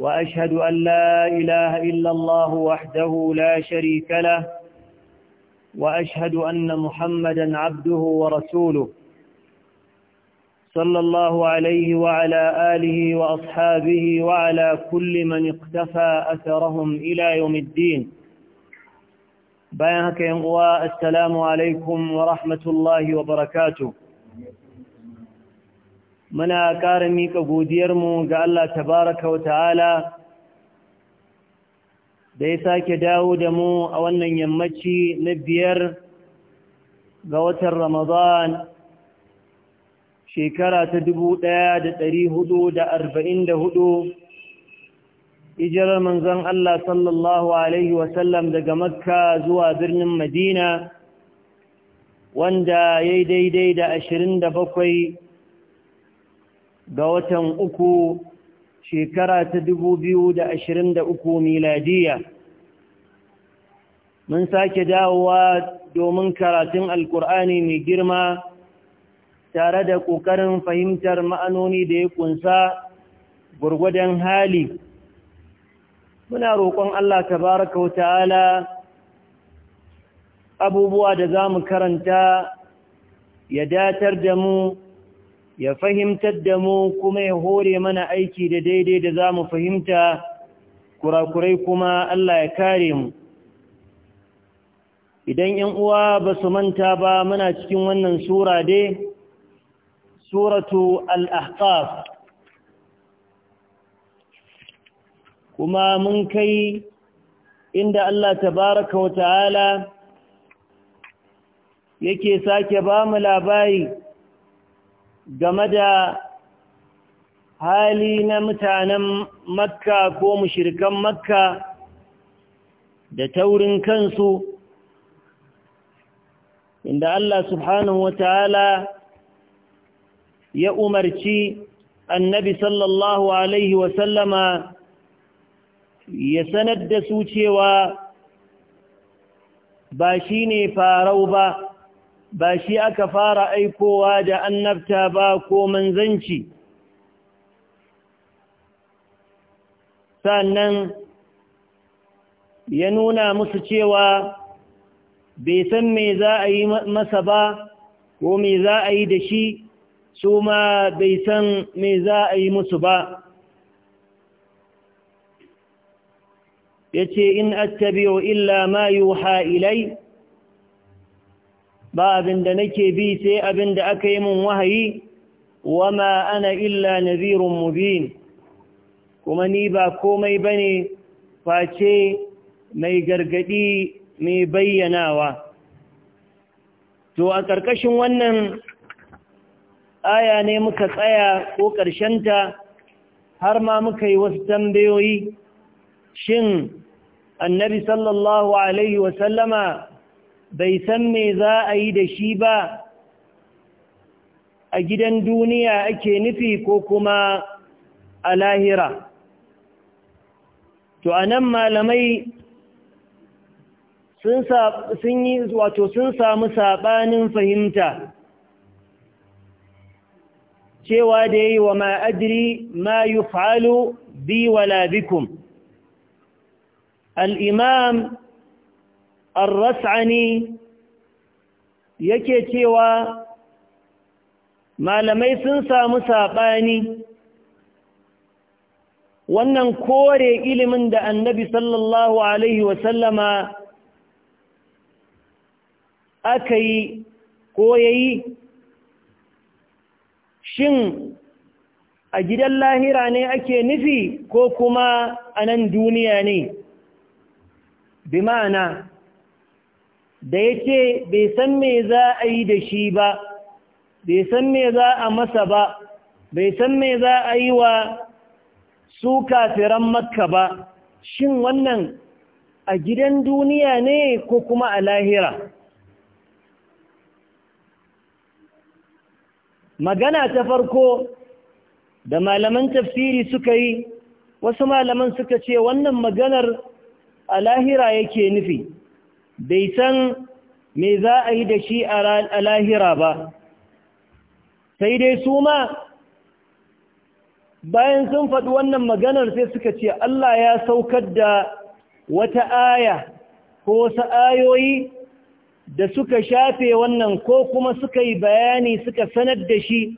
وأشهد أن لا إله إلا الله وحده لا شريك له وأشهد أن محمدا عبده ورسوله صلى الله عليه وعلى آله وأصحابه وعلى كل من اقتفى أثرهم إلى يوم الدين بيانك ينقوى السلام عليكم ورحمة الله وبركاته muna ƙara miƙa godiyarmu ga Allah tabaraka wa ta'ala da ya sake dawo da mu a wannan yammaci na biyar ga watan Ramadan shekara ta dubu ɗaya da ɗari hudu da arba'in da hudu ijirar manzon Allah sallallahu Alaihi wasallam daga Makka zuwa birnin Madina wanda ya yi daidai da ashirin da bakwai ga watan uku shekara ta dubu biyu da ashirin da uku miladiya mun sake dawowa domin karatun alkur'ani mai girma tare da ƙoƙarin fahimtar ma'anoni da ya kunsa gurgudan hali muna roƙon Allah tabaraka wa ta'ala abubuwa da za mu karanta ya datar da mu ya fahimtar da mu kuma ya hore mana aiki da daidai da za mu fahimta kurakurai kuma Allah ya kare mu idan ‘yan uwa ba su manta ba muna cikin wannan sura dai suratu al-ahqaf kuma mun kai inda Allah tabaraka wa ta'ala yake sake ba mu labari game da hali na mutanen makka ko mushirkan makka da taurin kansu inda Allah subhanahu wata'ala ya umarci annabi sallallahu alaihi wasallama ya sanar da su cewa ba shi ne farau ba ba shi aka fara aikowa da annabta ba ko manzanci sannan ya nuna musu cewa bai san me za a yi masa ba ko me za a yi da shi su ma bai san me za a yi musu ba ya ce in attabi'u illa ma yuha ilai ba abin da nake bi sai abin da aka yi min wahayi ma ana illa nazirun mubin kuma ni ba komai bane face mai gargadi mai bayyanawa to a ƙarƙashin wannan aya ne muka tsaya ko ta har ma muka yi wasu tambayoyi shin annabi sallallahu alaihi wasallama bai san me za a yi da shi ba a gidan duniya ake nufi ko kuma a lahira to a nan malamai sun yi wato sun samu saɓanin fahimta cewa da yi wa ma'adiri ma yi falo bi wala labikun. al'imam الرسعني yake cewa malamai sun samu saɓani wannan kore ilimin da annabi sallallahu alaihi wasallama aka yi ko ya yi shin a gidan lahira ne ake nufi ko kuma a nan duniya ne bi ma'ana da ya ce bai san me za a yi da shi ba bai san me za a masa ba bai san me za a yi wa su kafiran makka ba shin wannan a gidan duniya ne ko kuma a lahira magana ta farko da malaman tafsiri suka yi wasu malaman suka ce wannan maganar a lahira yake nufi bai san me za a yi da shi a lahira ba sai dai su ma bayan sun faɗi wannan maganar sai suka ce Allah ya saukar da wata aya ko wasu ayoyi da suka shafe wannan ko kuma suka yi bayani suka sanar da shi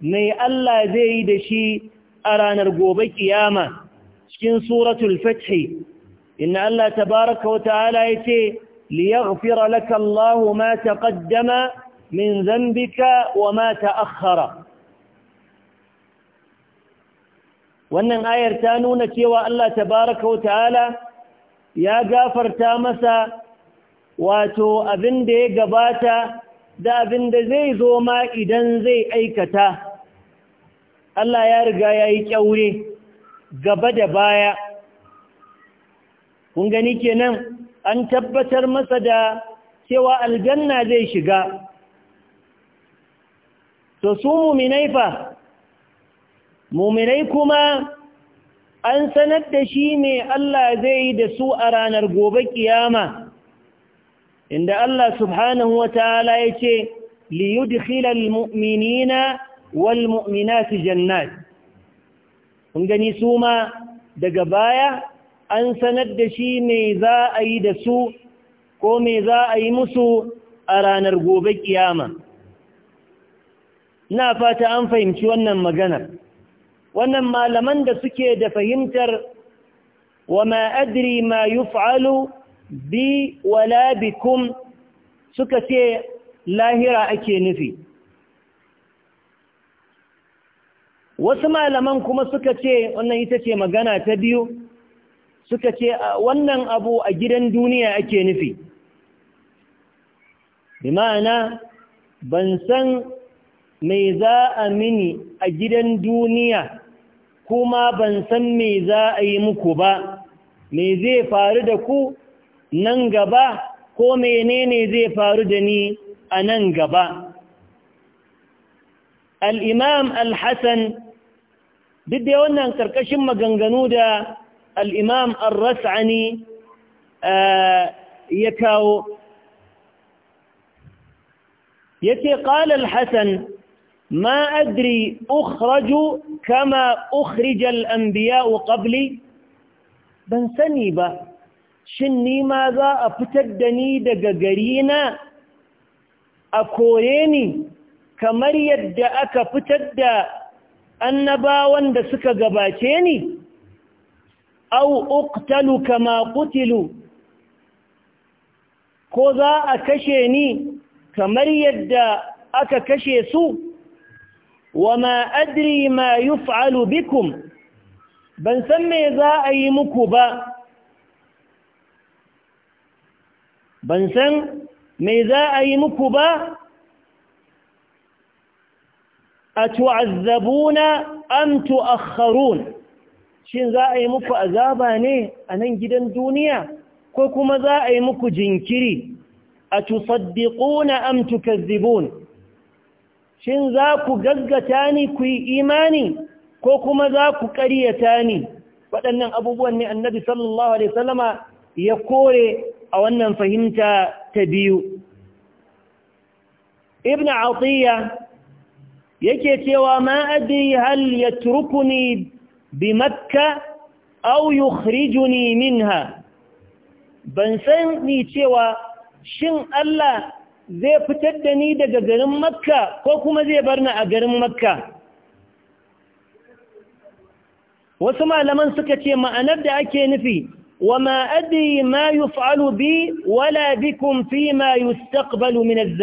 mai Allah zai yi da shi a ranar gobe kiyama cikin suratul fathi inna Allah tabaraka wa ta'ala ce. ليغفر لك الله ما تقدم من ذنبك وما تأخر wannan ayar ta nuna cewa Allah tabaraka wa ta'ala ya gafarta masa wato abin da ya gabata da abin da zai zo ma idan zai aikata Allah ya riga ya yi kyaure gaba da baya kun gani kenan an tabbatar masa da cewa aljanna zai shiga to su muminai fa muminai kuma an sanar da shi mai Allah zai yi da su a ranar gobe kiyama inda Allah subhanahu wa ta'ala ya ce liyudkhilal mu'minina wal su jannat kun gani su ma daga baya an sanar da shi me za a yi da su ko me za a yi musu a ranar gobe kiyama na fata an fahimci wannan maganar wannan malaman da suke da fahimtar wa ma adri ma yuf'alu bi wala suka ce lahira ake nufi wasu malaman kuma suka ce wannan ita ce magana ta biyu suka ce wannan abu a gidan duniya ake nufi bi ma'ana ban san mai za a mini a gidan duniya kuma ban san mai za a yi muku ba mai zai faru da ku nan gaba ko menene zai faru da ni a nan gaba al'imam Alhassan, duk da wannan karkashin maganganu da al'imam al-ras'ani ya kawo ya ce hassan ma adri ukhraju kama ukhrijal anbiya wa ƙabli ban sani ba shin ni ma za a fitar da ni daga gari na a kore ni kamar yadda aka fitar da annabawan da suka gabace ni au uqtalu kama qutilu ko za a kashe ni kamar yadda aka kashe su wa adri ma yuf'alu bikum ban san me za a yi muku ba ban san me za a yi muku ba a tu'azzabuna am shin za a yi muku azaba ne a nan gidan duniya ko kuma za a yi muku jinkiri a tusaddiquna am tukazzibun shin za ku gaggata ni ku yi imani ko kuma za ku ƙaryata ni waɗannan abubuwan ne annabi sallallahu alaihi sallama ya kore a wannan fahimta ta biyu ibn atiyya yake cewa ma adri hal yatrukuni bimakka au yukhrijuni minha ban san cewa shin Allah zai fitar da ni daga garin makka ko kuma zai bar ni a garin makka wasu malaman suka ce ma'anar da ake nufi wa ma'adi ma yuf'alu bi wala bikum fi ma yustaqbalu min az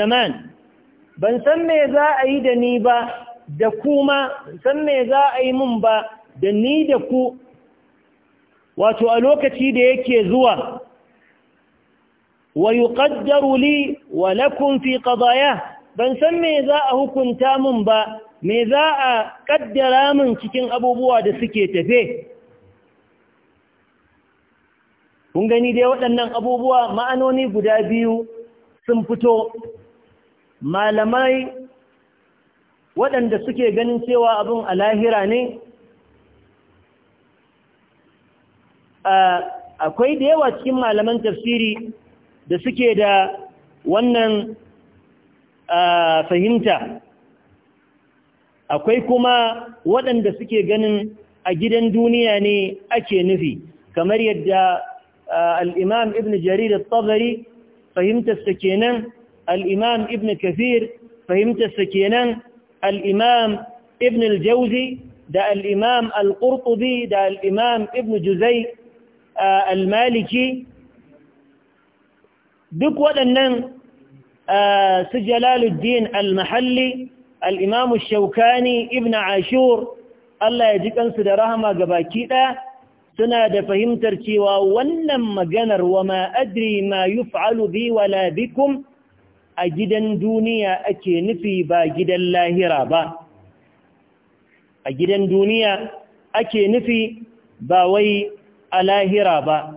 ban san me za a yi da ni ba da kuma san me za a yi mun ba da ni da ku wato a lokaci da yake zuwa wa yuqaddaru li wa lakum fi qadaya ban san me za a hukunta mun ba me za a kaddara mun cikin abubuwa da suke tafe kun gani dai waɗannan abubuwa ma'anoni guda biyu sun fito malamai waɗanda suke ganin cewa abin alahira ne akwai da yawa cikin malaman tafsiri da suke da wannan fahimta akwai kuma waɗanda suke ganin a gidan duniya ne ake nufi kamar yadda al'imam ibn jarir al-tabari fahimtarsa kenan al'imam ibn kafir fahimtarsa kenan al'imam ibn al-jauzi da al'imam al-ƙurƙubi da al'imam ibn juzai al-maliki duk waɗannan su jalaluddin al-mahalli al'imamu shaukani ibn ashur Allah ya ji kansu da rahama ga baki suna da fahimtar cewa wannan maganar wa ma adri ma yuf'alu bi wala bikum a gidan duniya ake nufi ba gidan lahira ba a gidan duniya ake nufi ba wai على هرابا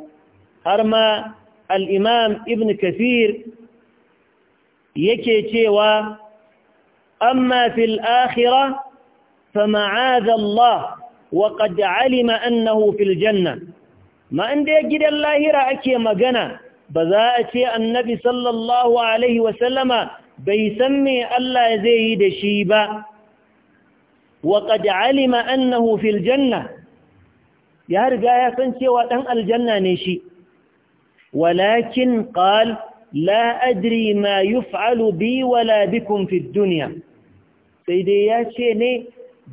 هرما الإمام ابن كثير يكيشيوا أما في الآخرة فمعاذ الله وقد علم أنه في الجنة ما عندي يجد الله رأكي مقنا بذاءتي النبي صلى الله عليه وسلم بيسمي الله زيد شيبا وقد علم أنه في الجنة ya riga ya san cewa ɗan aljanna ne shi walakin qal la adri ma yuf'alu bi wala bikum fi dunya sai dai ya ce ne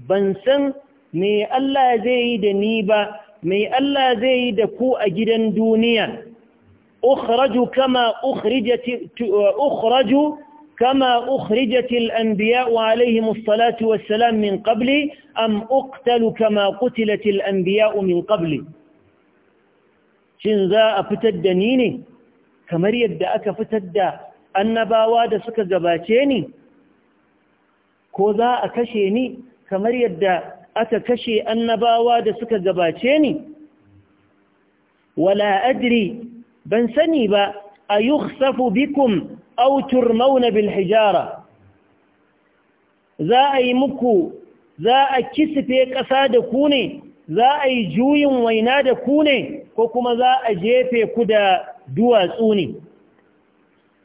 ban san me Allah zai yi da ni ba me Allah zai yi da ku a gidan duniya ukhraju kama ukhriju كما أخرجت الأنبياء عليهم الصلاة والسلام من قبل أم أقتل كما قتلت الأنبياء من قبل شنزا أفتدنيني كما يبدا أ ك ف ت د ا أ ن ب ا و ا د سكا جباتيني كوزا أ كما يبدا أ ك ك ش سكا جباتيني ولا أدري د ر بنسني با أ بكم aw turmauna bil hijara za a yi muku za a kisife ƙasa da kune za a yi juyin waina da kune ko kuma za a jefe ku da duwatsu ne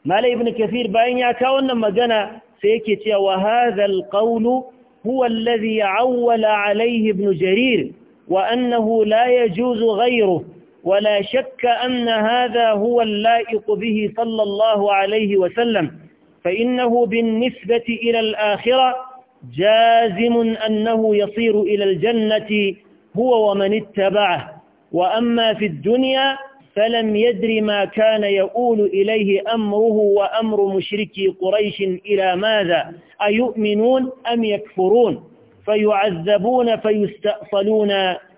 malam ibn kafir bayan ya kawo wannan magana sai yake cewa wa hadha alqawlu huwa alladhi awwala alayhi ibn jarir wa annahu la yajuzu ghayruhu ولا شك أن هذا هو اللائق به صلى الله عليه وسلم فإنه بالنسبة إلى الآخرة جازم أنه يصير إلى الجنة هو ومن اتبعه وأما في الدنيا فلم يدر ما كان يؤول إليه أمره وأمر مشركي قريش إلى ماذا أيؤمنون أم يكفرون فيعذبون فيستأصلون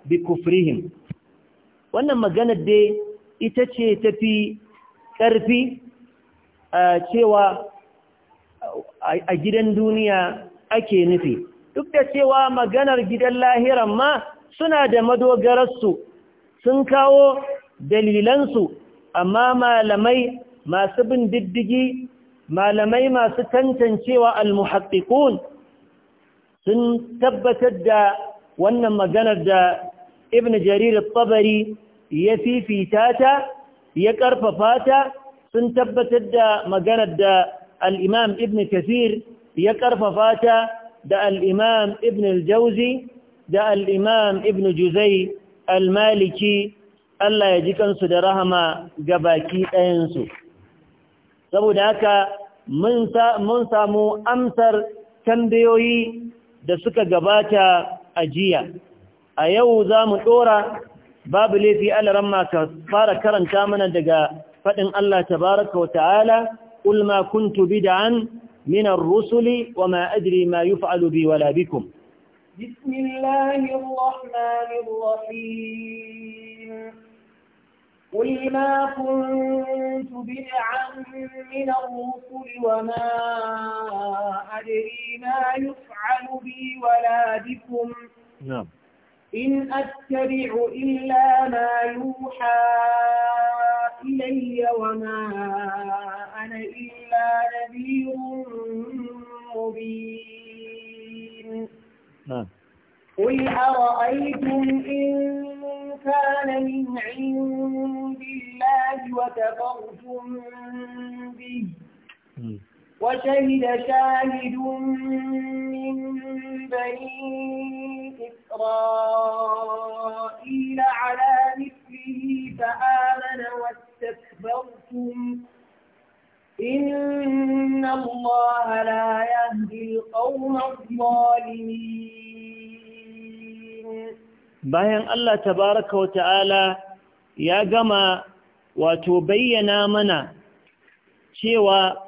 بكفرهم wannan maganar da ita ce tafi ƙarfi cewa a gidan duniya ake nufi duk da cewa maganar gidan lahiran ma suna da madogararsu sun kawo dalilansu amma malamai masu bin diddigi malamai masu tantancewa almuhaqqikun sun tabbatar da wannan maganar da ibn jarir al-tabari ya fifita ta ya ƙarfafa ta sun tabbatar da maganar da al'imam ibn kasir ya ƙarfafa ta da al'imam ibn al-jauzi da al'imam ibn juzai al-maliki Allah ya ji kansu da rahama ga baki ɗayansu. Saboda haka mun samu amsar tambayoyi da suka gabata a jiya. A yau za mu ɗora باب اللي في ka fara karanta mana daga faɗin فإن tabaraka تبارك وتعالى قل ما كنت بدعا من الرسل وما أدري ما يفعل بي ولا بكم بسم الله الرحمن الرحيم قل ما كنت بدعا من الرسل وما أدري ما يفعل بي ولا بكم نعم إن أتبع إلا ما يوحى إلي وما أنا إلا نذير مبين نعم. قل أرأيتم إن كان من عند الله وكفرتم به وشهد شاهد من بني إسرائيل على مثله فآمن واستكبرتم إن الله لا يهدي القوم الظالمين bayan Allah tabaraka wa ta'ala ya gama wato bayyana mana cewa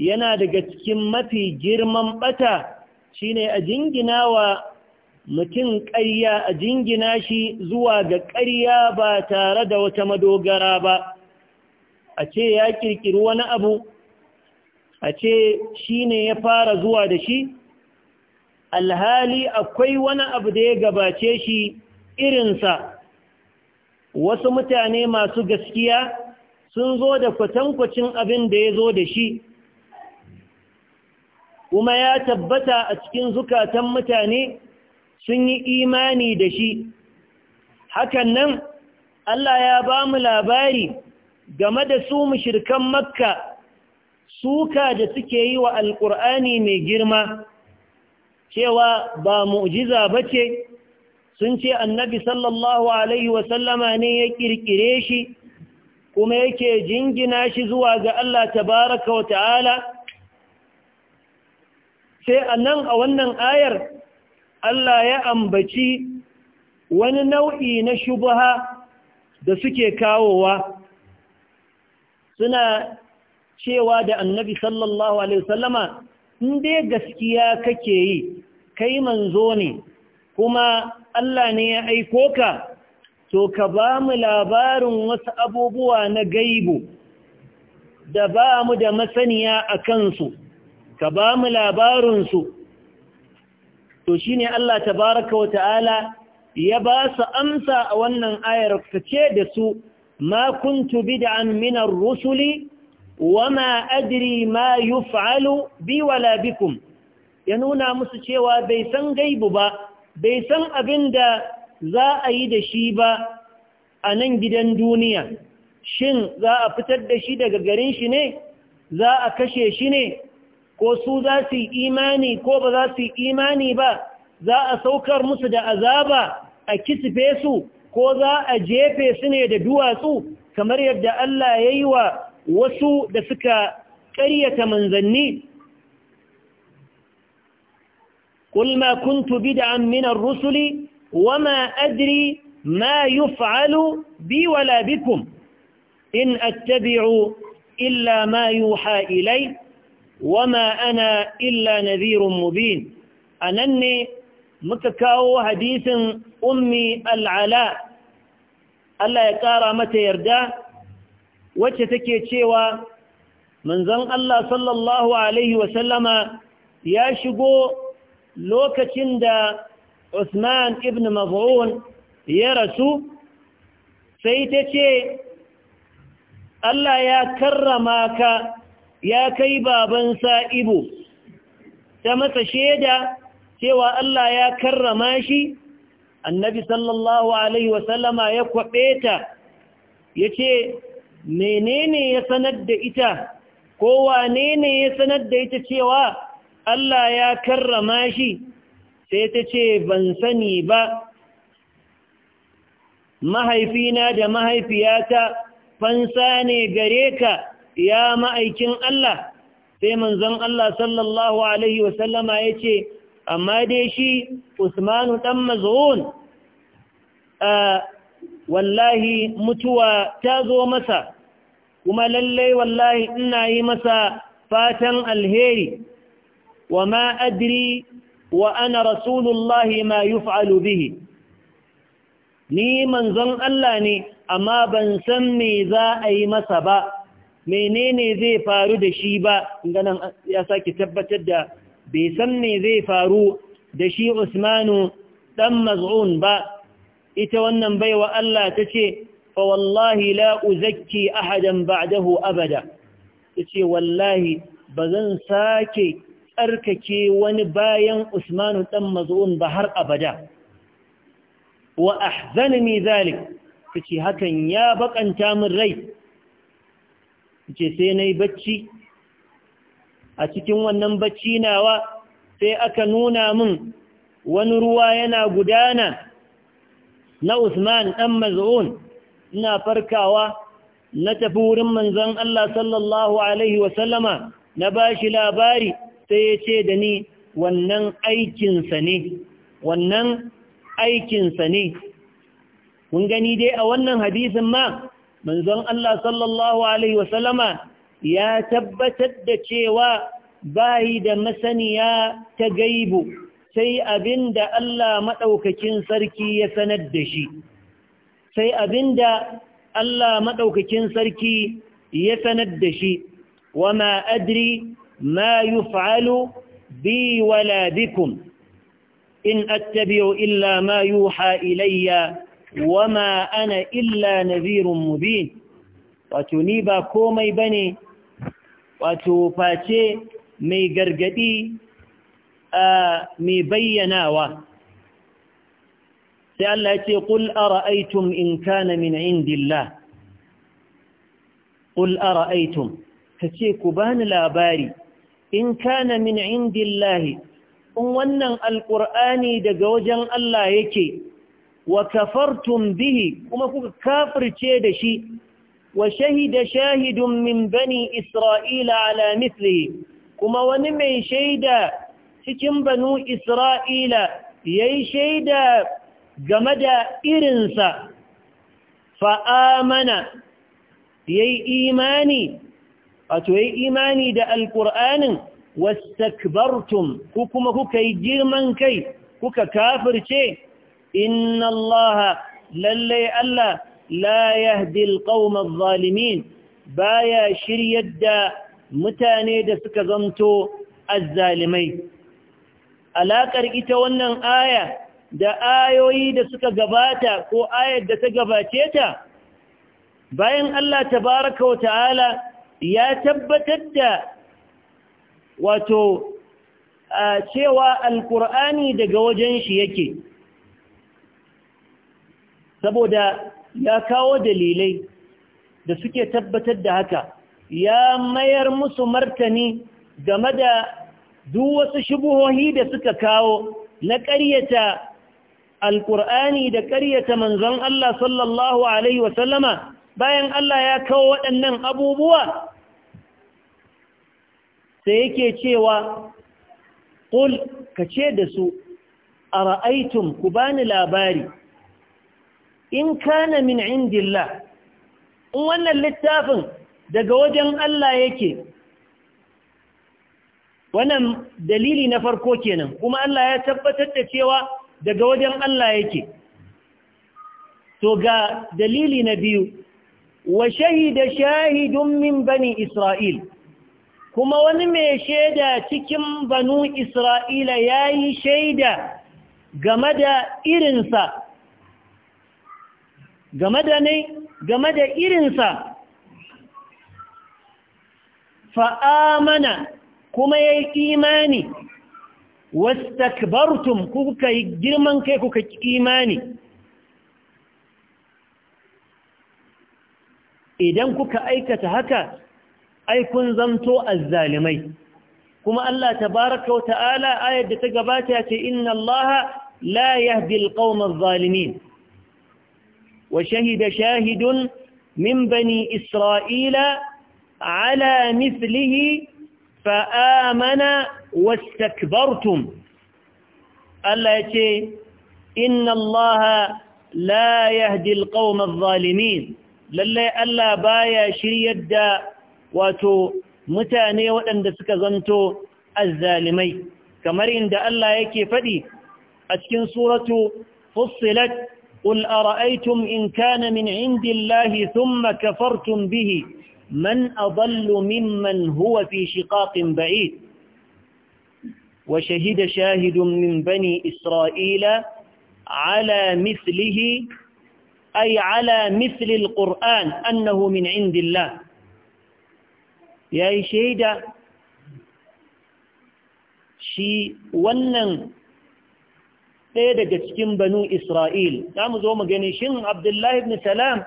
yana daga cikin mafi girman bata shine a jingina wa mutum ƙarya a jingina shi zuwa ga ƙarya ba tare da wata madogara ba a ce ya ƙirƙiri wani abu a ce shi ne ya fara zuwa da shi alhali akwai wani abu da ya gabace shi irinsa wasu mutane masu gaskiya sun zo da kwatankwacin abin da ya zo da shi kuma ya tabbata a cikin zukatan mutane sun yi imani da shi hakan nan Allah ya ba mu labari game da su mushirkan makka suka da suke yi wa alƙur'ani mai girma cewa ba mu'jiza ba ce sun ce annabi sallallahu alaihi wasallama ne ya ƙirƙire shi kuma yake jingina shi zuwa ga Allah tabaraka wa ta'ala sai a nan a wannan ayar Allah ya ambaci wani nau'i na shubuha da suke kawowa suna cewa da annabi sallallahu Alaihi wasallama in dai gaskiya kake yi kai manzo ne kuma Allah ne ya aiko ka to ka ba mu labarin wasu abubuwa na gaibu da ba mu da masaniya a kansu ka ba mu labarinsu to shi ne Allah tabaraka wa ta'ala ya ba su amsa a wannan ayar ka da su ma kuntu bid'an minar rusuli wa ma adri ma fa’alu bi wala bikum ya nuna musu cewa bai san gaibu ba bai san abin da za a yi da shi ba a nan gidan duniya shin za a fitar da shi daga garin shi ne za a kashe shi ne ko su za su imani ko ba za su yi imani ba za a saukar musu da azaba a kisife su ko za a jefe su ne da duwatsu kamar yadda Allah ya yi wa wasu da suka ƙaryata manzanni قل ما كنت بدعا من الرسل وما أدري ما يفعل بي ولا بكم إن أتبع إلا ما يوحى إليه wama ana illa nadhirun mubin anan ne muka kawo hadisin ummi al'ala Allah ya ƙara mata yarda wacce take cewa manzon Allah sallallahu Alaihi wasallama ya shigo lokacin da Usman ibn Maz'un ya rasu sai ta ce Allah ya karrama ka ya kai baban sa'ibo ta masa shaida cewa Allah ya karrama shi annabi sallallahu alaihi wasallama ya kwaɓe ta ya ce menene ya sanar da ita ko wa ne ya sanar da ita cewa Allah ya karrama shi sai ta ce ban sani ba mahaifina da mahaifiyata fansa ne gare ka ya ma'aikin Allah sai manzon Allah sallallahu alaihi wasallama ya ce amma dai shi usmanu ɗan mazun wallahi mutuwa ta zo masa kuma lallai wallahi ina yi masa fatan alheri wa ma adri wa ana rasulullahi ma yuf'alu bihi ni manzon Allah ne amma ban san me za a yi masa ba menene zai faru da shi ba ganin ya sake tabbatar da bai san me zai faru da shi Usmanu dan Maz'un ba ita wannan baiwa Allah tace fa wallahi la uzakki ahadan ba'dahu abada tace wallahi bazan sake tsarkake wani bayan Usmanu dan Maz'un ba har abada wa ahzanni zalik tace hakan ya bakanta min rai ce sai na yi bacci a cikin wannan bacci nawa sai aka nuna min wani ruwa yana gudana na Usman ɗan Maz'un ina farkawa na tafi wurin manzan Allah sallallahu Alaihi wasallama na ba shi labari sai ya ce da ni wannan aikinsa ne wannan aikinsa ne kun gani dai a wannan hadisin ma manzon Allah sallallahu Alaihi wasallama ya tabbatar da cewa bayi da masaniya ta gaibu sai abin da Allah maɗaukakin sarki ya sanar da shi, sai abin da Allah maɗaukakin sarki ya sanar da shi, wa ma adri ma yuf'alu bi wala bikum in attabi'u illa ma yuha ilayya wama ana illa nazirun mubin wato ni ba komai bane wato face mai gargadi mai bayyanawa sai Allah ce qul ara'aytum in kana min indillah qul ara'aytum kace ku bani labari in kana min indillah? in wannan alqur'ani daga wajen Allah yake wa kafartum bihi kuma kuka kafirce da shi wa shahida shahidun min bani isra'ila ala mithlihi kuma wani mai shaida cikin banu isra'ila yayi shaida game da irinsa fa'amana yayi imani wato yayi imani da alqur'anin wastakbartum ku kuma kuka yi girman kai kuka kafirce inna lallai Allah la yahdi alqawmal zalimin baya shiryar da mutane da suka zamto azzalimai alakar ita wannan aya da ayoyi da suka gabata ko ayar da ta gabace ta bayan Allah tabaraka wa ta'ala ya tabbatar da wato cewa alkur'ani daga wajen shi yake saboda ya kawo dalilai da suke tabbatar da haka ya mayar musu martani game da duk wasu shubuhohi da suka kawo na ƙaryata alƙur'ani da ƙaryata manzon Allah sallallahu Alaihi wasallama bayan Allah ya kawo waɗannan abubuwa sai yake cewa ƙul ka ce da su a ra'aitun ku bani labari in kana min indillah in wannan littafin daga wajen Allah yake wannan dalili na farko kenan kuma Allah ya tabbatar da cewa daga wajen Allah yake to ga dalili na biyu wa shahida shahidun min bani Isra'il kuma wani mai shaida cikin banu Isra'ila ya yi shaida game da irinsa game da ne game da irinsa fa'amana kuma ya yi imani wastakbartum kuka yi girman kai kuka imani idan kuka aikata haka ai kun zanto azzalimai kuma Allah tabaraka wa ta'ala ayar da ta gabata ce inna Allah la yahdi alqawma وشهد شاهد من بني إسرائيل على مثله فآمن واستكبرتم ألا يتي إن الله لا يهدي القوم الظالمين للا ألا بايا شريد واتو متاني واندسك ظنتو الظالمين كما كمرين دا ألا يكي فدي أتكن سورة فصلت قل أرأيتم إن كان من عند الله ثم كفرتم به من أضل ممن هو في شقاق بعيد وشهد شاهد من بني إسرائيل على مثله أي على مثل القرآن أنه من عند الله يا إيه شهيدة شي ونن ɗaya daga cikin banu Isra'il, za mu zo mu gani shin Abdullahi ibn Salam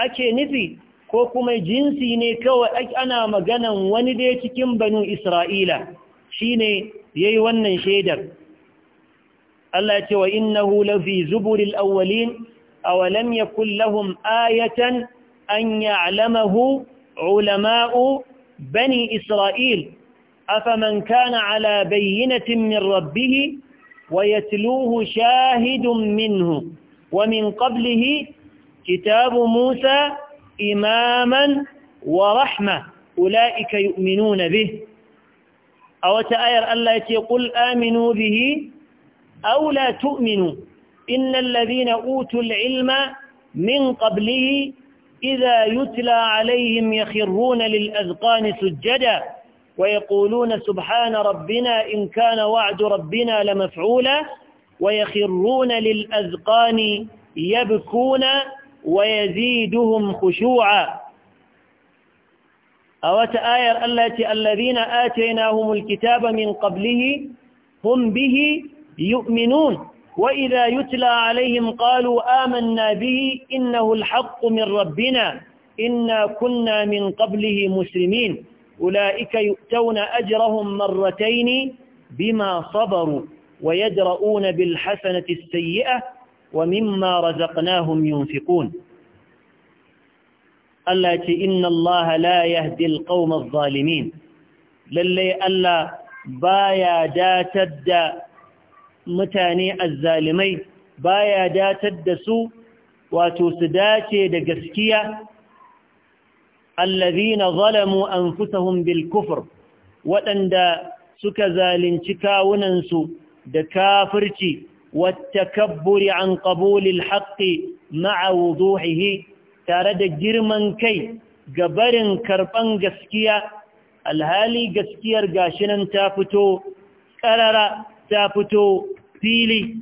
ake nufi ko kuma jinsi ne kawai ana maganan wani dai cikin banu Isra'ila shi ne ya yi wannan shaidar. Allah ce wa innahu lafi zuburil awwalin awalam ya lahum ayatan an alamahu ulama'u bani Isra'il afaman kana ala bayyanatin min rabbihi ويتلوه شاهد منه ومن قبله كتاب موسى إماما ورحمة أولئك يؤمنون به أو تآير ألا يقول آمنوا به أو لا تؤمنوا إن الذين أوتوا العلم من قبله إذا يتلى عليهم يخرون للأذقان سجدا ويقولون سبحان ربنا إن كان وعد ربنا لمفعولا ويخرون للأذقان يبكون ويزيدهم خشوعا أو تآير التي الذين آتيناهم الكتاب من قبله هم به يؤمنون وإذا يتلى عليهم قالوا آمنا به إنه الحق من ربنا إنا كنا من قبله مسلمين أولئك يؤتون أجرهم مرتين بما صبروا ويدرؤون بالحسنة السيئة ومما رزقناهم ينفقون التي إن الله لا يهدي القوم الظالمين للي ألا بايا دا تد متاني الظالمين بايا دا تد سوء واتو دقسكية allazina zalamu anfusahum bil kufr waɗanda suka zalunci kawunansu da kafirci والتكبر عن قبول الحق مع وضوحه تارد جرمان كي جبرن كربان قسكية الهالي قسكية رقاشنا تافتو كررا تافتو فيلي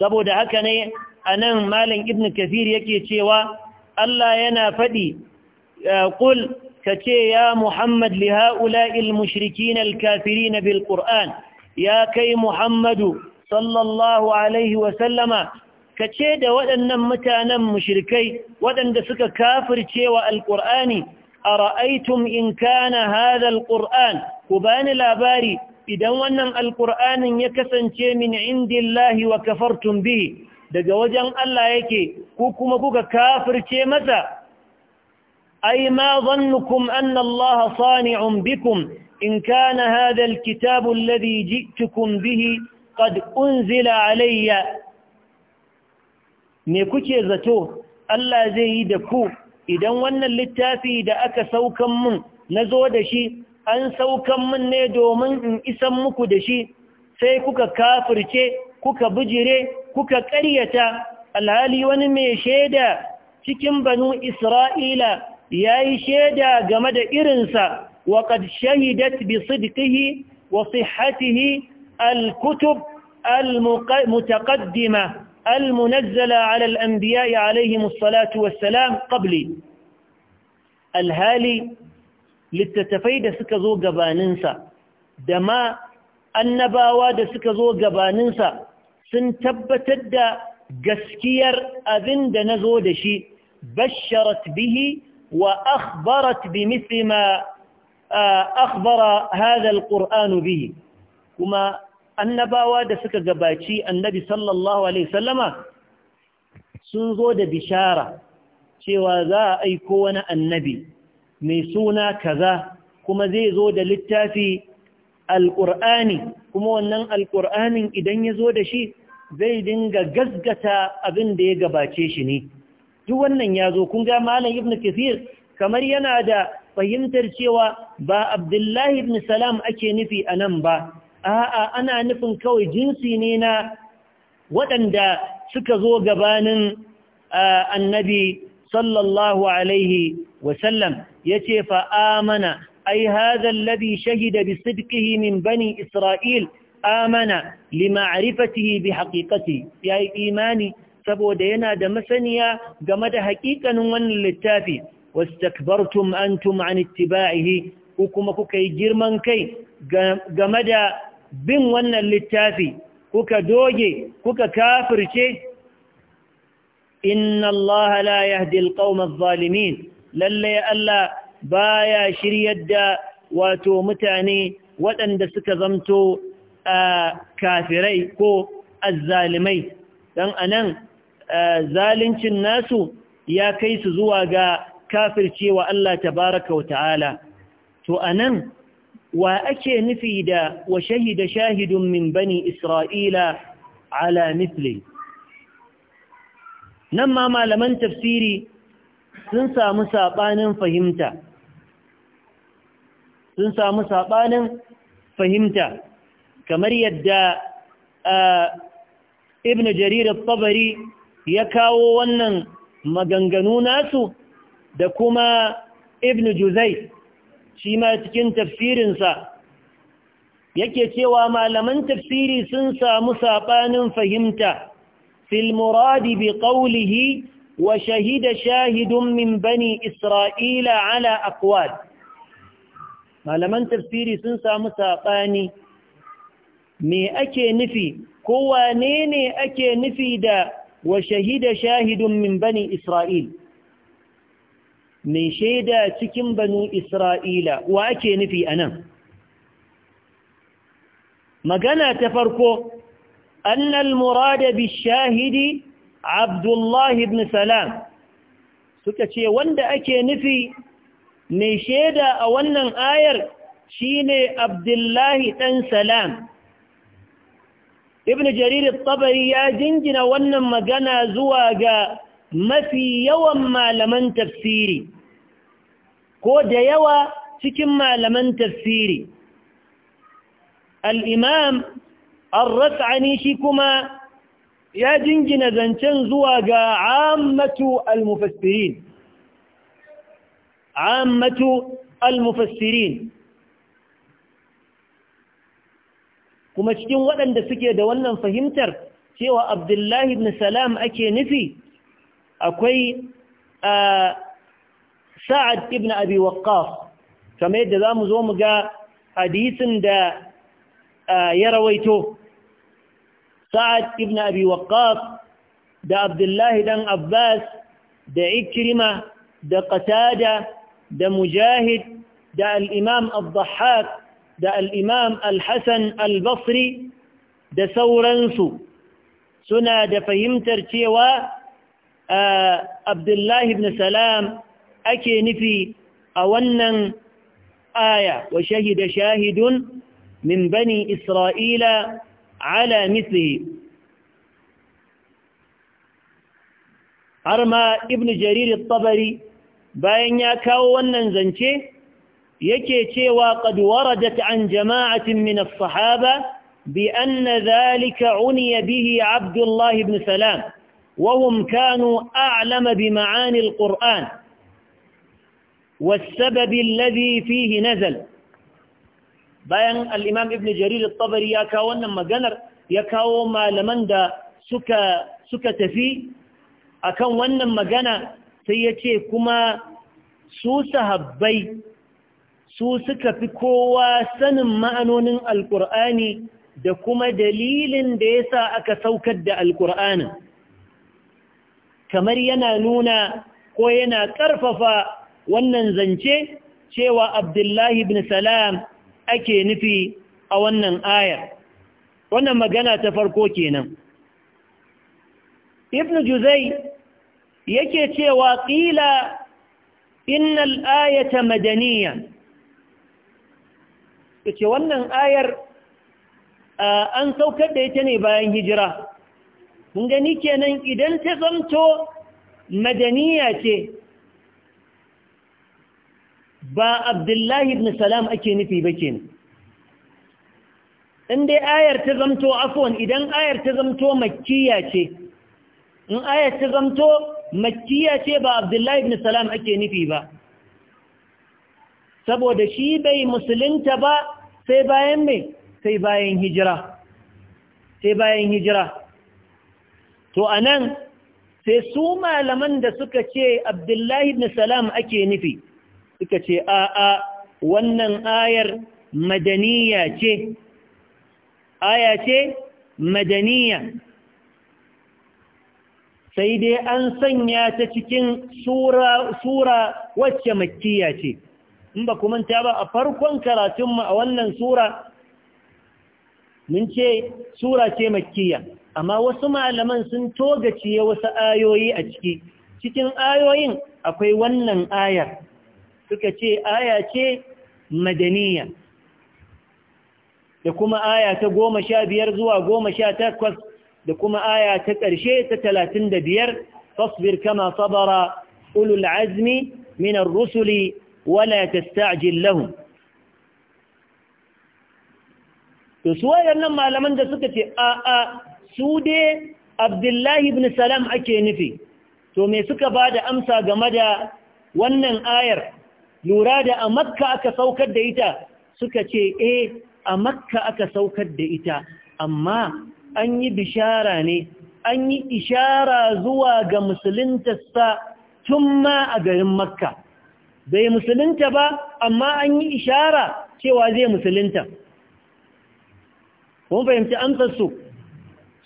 سبو دهكني أنا مالن ابن كثير يكي تيوا ألا ينا فدي قل كتي يا محمد لهؤلاء المشركين الكافرين بالقرآن يا كي محمد صلى الله عليه وسلم كتي دا ودن متانا مشركي ودن دسك كافر تيوى القرآن أرأيتم إن كان هذا القرآن وبان الأباري إذا ونن القرآن يكسن من عند الله وكفرتم به دقوجا ألا يكي كوكما كوكا كافر تيمسا أي ما ظنكم أن الله صانع بكم إن كان هذا الكتاب الذي جئتكم به قد أنزل علي نيكوكي زتو ألا زيدكو إذن ون للتافي دأك سوكا من نزو دشي أن سوكا من نيدو من إسمك دشي سيكوكا كافر چه كوكا بجري كوكا كريتا العالي ونمي شيدا تكن بنو إسرائيل ya yi shaida game da irinsa wa kad shahidat bi sidqihi wa sihhatihi al-kutub al-mutaqaddima al-munazzala ala al-anbiya alayhim as was-salam qabli al-hali littattafai da suka zo gabaninsa da ma annabawa da suka zo gabaninsa sun tabbatar da gaskiyar abin da na zo da shi basharat bihi وأخبرت بمثل ما أخبر هذا القرآن به كما annabawa da suka gabaci annabi sallallahu sun zo da bishara cewa za a aiko wani annabi mai suna kaza kuma zai zo da littafi alƙur'ani kuma wannan alƙur'anin idan ya zo da shi zai dinga gasgata abin da ya gabace shi ne duk wannan ya zo kun ga malam ibn kafir kamar yana da fahimtar cewa ba abdullahi ibn salam ake nufi a nan ba a'a ana nufin kawai jinsi ne na waɗanda suka zo gabanin annabi sallallahu alaihi wasallam ya ce fa'amana ai hazan labi shahida bi sidkihi min bani isra'il amana li ma'arifatihi bi haƙiƙati ya yi imani saboda yana da masaniya game da haƙiƙanin wannan littafi wastakbartum antum an ittiba'ihi ko kuma kuka yi girman kai game da bin wannan littafi kuka doge kuka kafirce inna Allah la yahdi alqawma adh-dhalimin lalle Allah baya shiryar da wato mutane waɗanda suka zamto kafirai ko azzalimai dan anan zalincin nasu ya kai su zuwa ga kafircewa Allah tabaraka wa ta'ala to anan wa ake nufi da wa shahida shahidun min bani isra'ila ala mithli nan ma malaman tafsiri sun samu sabanin fahimta sun samu sabanin fahimta kamar yadda ibn jarir al-tabari ya kawo wannan maganganu nasu da kuma ibn juzai shi ma cikin tafsirinsa yake cewa malaman tafsiri sun samu saɓanin fahimta fil muradi bi ƙaulihi wa shahida shahidun min bani isra'ila ala Akwad. malaman tafsiri sun samu saɓani me ake nufi ko wane ne ake nufi da wa shahida shahidun min bani Isra'il, mai shaida cikin banu Isra'ila, wa ake nufi anan? Magana ta farko, annal murada Bishahidi shahidi Abdullahi ibn Salam suka ce wanda ake nufi mai shaida a wannan ayar shine Abdullahi ɗan Salam. ابن جرير الطبري يا جنجنا ونما قنا زواجا ما في يوم ما لمن تفسيري كود يوى سكما ما لمن تفسيري الإمام الرفع نيشكما يا جنجنا زنشن زواجا عامة المفسرين عامة المفسرين kuma cikin waɗanda suke da wannan fahimtar cewa abdullahi ibn salam ake nufi akwai sa'ad ibn abi waqqas kamar yadda za mu zo mu ga hadisin da ya rawaito sa'ad ibn abi waqqas da abdullahi dan abbas da ikrima da qatada da mujahid da al-imam da al'imam al albasri da sauransu suna da fahimtar cewa abdullahi ibn salam ake nufi a wannan aya wa shahida shahidun min bani isra'ila ala misli har ma ibn jarir tabari bayan ya kawo wannan zance yake cewa qad waradat an jama'atin min as-sahaba bi anna dhalika uniya bihi Abdullah ibn Salam وهم كانوا أعلم بمعاني القرآن والسبب الذي فيه نزل bayan al'imam ibn jarir al-tabari ya kawo wannan maganar ya kawo malaman da suka tafi akan wannan magana sai ya ce kuma su sahabbai su suka fi kowa sanin ma'anonin alƙur'ani da kuma dalilin da ya sa aka saukar da alƙur'anin kamar yana nuna ko yana ƙarfafa wannan zance cewa abdullahi bin salam ake nufi a wannan ayar wannan magana ta farko kenan ibn juzai yake cewa ƙila innal ayata madaniya yace wannan ayar an saukar da ita ne bayan hijira mun gani kenan idan ta zamto madaniya ce ba abdullahi ibn salam ake nufi ba ke in dai ayar ta zamto afon idan ayar ta zamto makkiya ce in ayar ta zamto makkiya ce ba abdullahi ibn salam ake nufi ba saboda shi bai musulunta ba sai bayan mai sai bayan hijira sai bayan hijira to a nan sai su malaman da suka ce abdullahi ibn salam ake nufi suka ce a a wannan ayar madaniya ce aya ce madaniya sai dai an sanya ta cikin sura wacce makkiya ce in ba ku manta ba a farkon karatunmu a wannan sura mun ce sura ce makkiya amma wasu malaman sun toga ciye wasu ayoyi a ciki cikin ayoyin akwai wannan ayar suka ce aya ce madaniya da kuma aya ta goma sha biyar zuwa goma sha takwas da kuma aya ta ƙarshe ta talatin da biyar tasbir kama sabara ulul azmi minar rusuli wala tasta'jil lahum to su wayannan malaman da suka ce a a su dai Abdullahi ibn Salam ake nufi to me suka ba da amsa game da wannan ayar lura da a Makka aka saukar da ita suka ce eh a Makka aka saukar da ita amma an yi bishara ne an yi ishara zuwa ga sa tun ma a garin Makka bai musulunta ba amma an yi ishara cewa zai musulunta kun fahimci amsarsu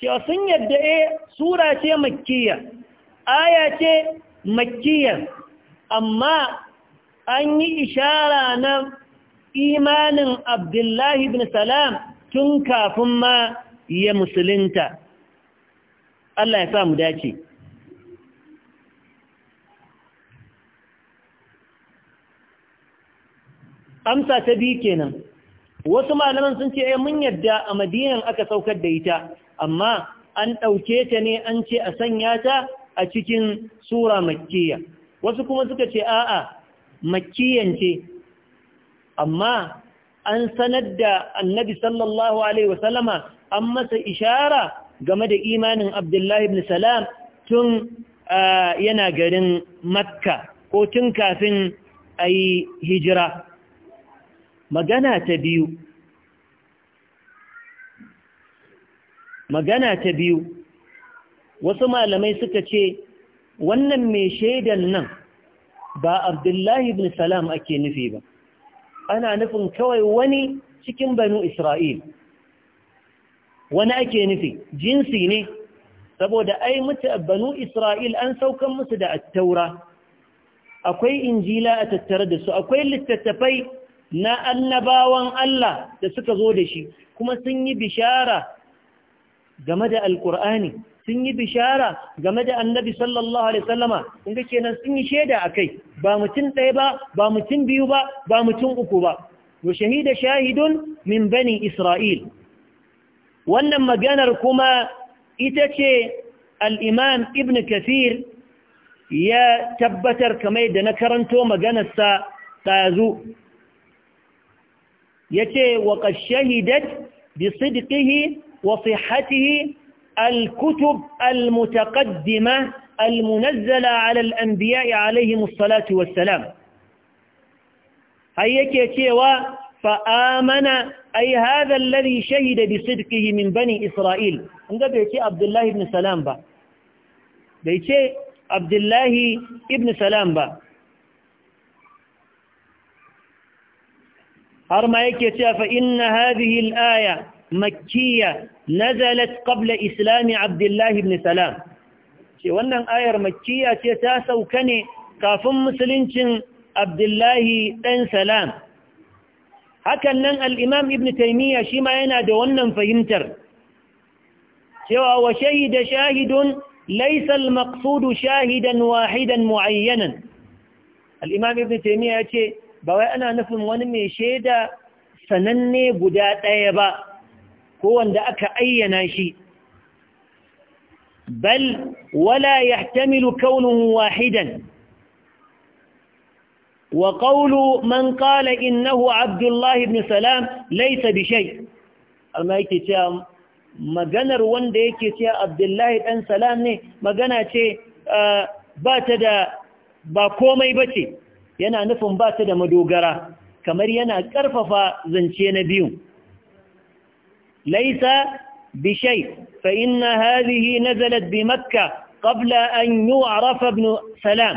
cewa sun yadda e sura ce makkiya aya ce makkiya amma an yi ishara na imanin abdullahi bin salam tun kafin ma ya musulunta Allah ya sa mu dace amsa ta biyu kenan wasu malaman sun ce eh, mun yadda a madinan aka saukar da ita amma an ɗauke ta ne an ce a sanya ta a cikin sura makkiya wasu kuma suka ce a'a makkiyan amma an sanar da annabi sallallahu alaihi wasallama an masa ishara game da imanin abdullahi ibn salam tun eh, yana garin makka ko tun kafin a yi hijira magana ta biyu magana ta biyu wasu malamai suka ce wannan mai shaidan nan ba abdullahi bin salam ake nufi ba ana nufin kawai wani cikin banu isra'il wani ake nufi jinsi ne saboda ai mutu banu isra'il an saukan musu da attaura akwai injila a tattare da su akwai littattafai na annabawan Allah da suka zo da shi kuma sun yi bishara game da alkur'ani sun yi bishara game da annabi sallallahu alaihi sallama inda kenan sun yi shaida a kai ba mutum ɗaya ba ba mutum biyu ba ba mutum uku ba wa shahida shahidun min bani isra'il wannan maganar kuma ita ce al'imam ibn kafir ya tabbatar kamar da na karanto maganarsa ɗazu يتي وقد شهدت بصدقه وصحته الكتب المتقدمة المنزلة على الأنبياء عليهم الصلاة والسلام هيك يتيوى فآمن أي هذا الذي شهد بصدقه من بني إسرائيل عند بيتي عبد الله بن سلام با بيتي عبد الله بن سلام با har ma yake cewa fa inna hadhihi al-aya makkiyya nazalat qabla islami abdullah ibn salam ce wannan ayar makkiyya ce ta sauka ne kafin musuluncin abdullahi dan salam hakan nan al-imam ibn taymiya shi ma yana da wannan fahimtar cewa wa shahida shahidun laysa al shahidan wahidan muayyanan al-imam ibn taymiya ce ba wai ana nufin wani mai shaida sananne guda ɗaya ba ko wanda aka ayyana shi bal wala yahtamilu kaunuhu wahidan وقول من قال إنه عبد الله بن laisa bishai amma yake cewa maganar wanda yake ce Abdullahi ɗan Salam ne magana ce eh, ba ta da ba komai ba ce yana nufin ba ta da madogara kamar yana ƙarfafa zance na biyu laisa bishai fa inna hadhihi nazalat bi makka qabla an yu'raf ibn salam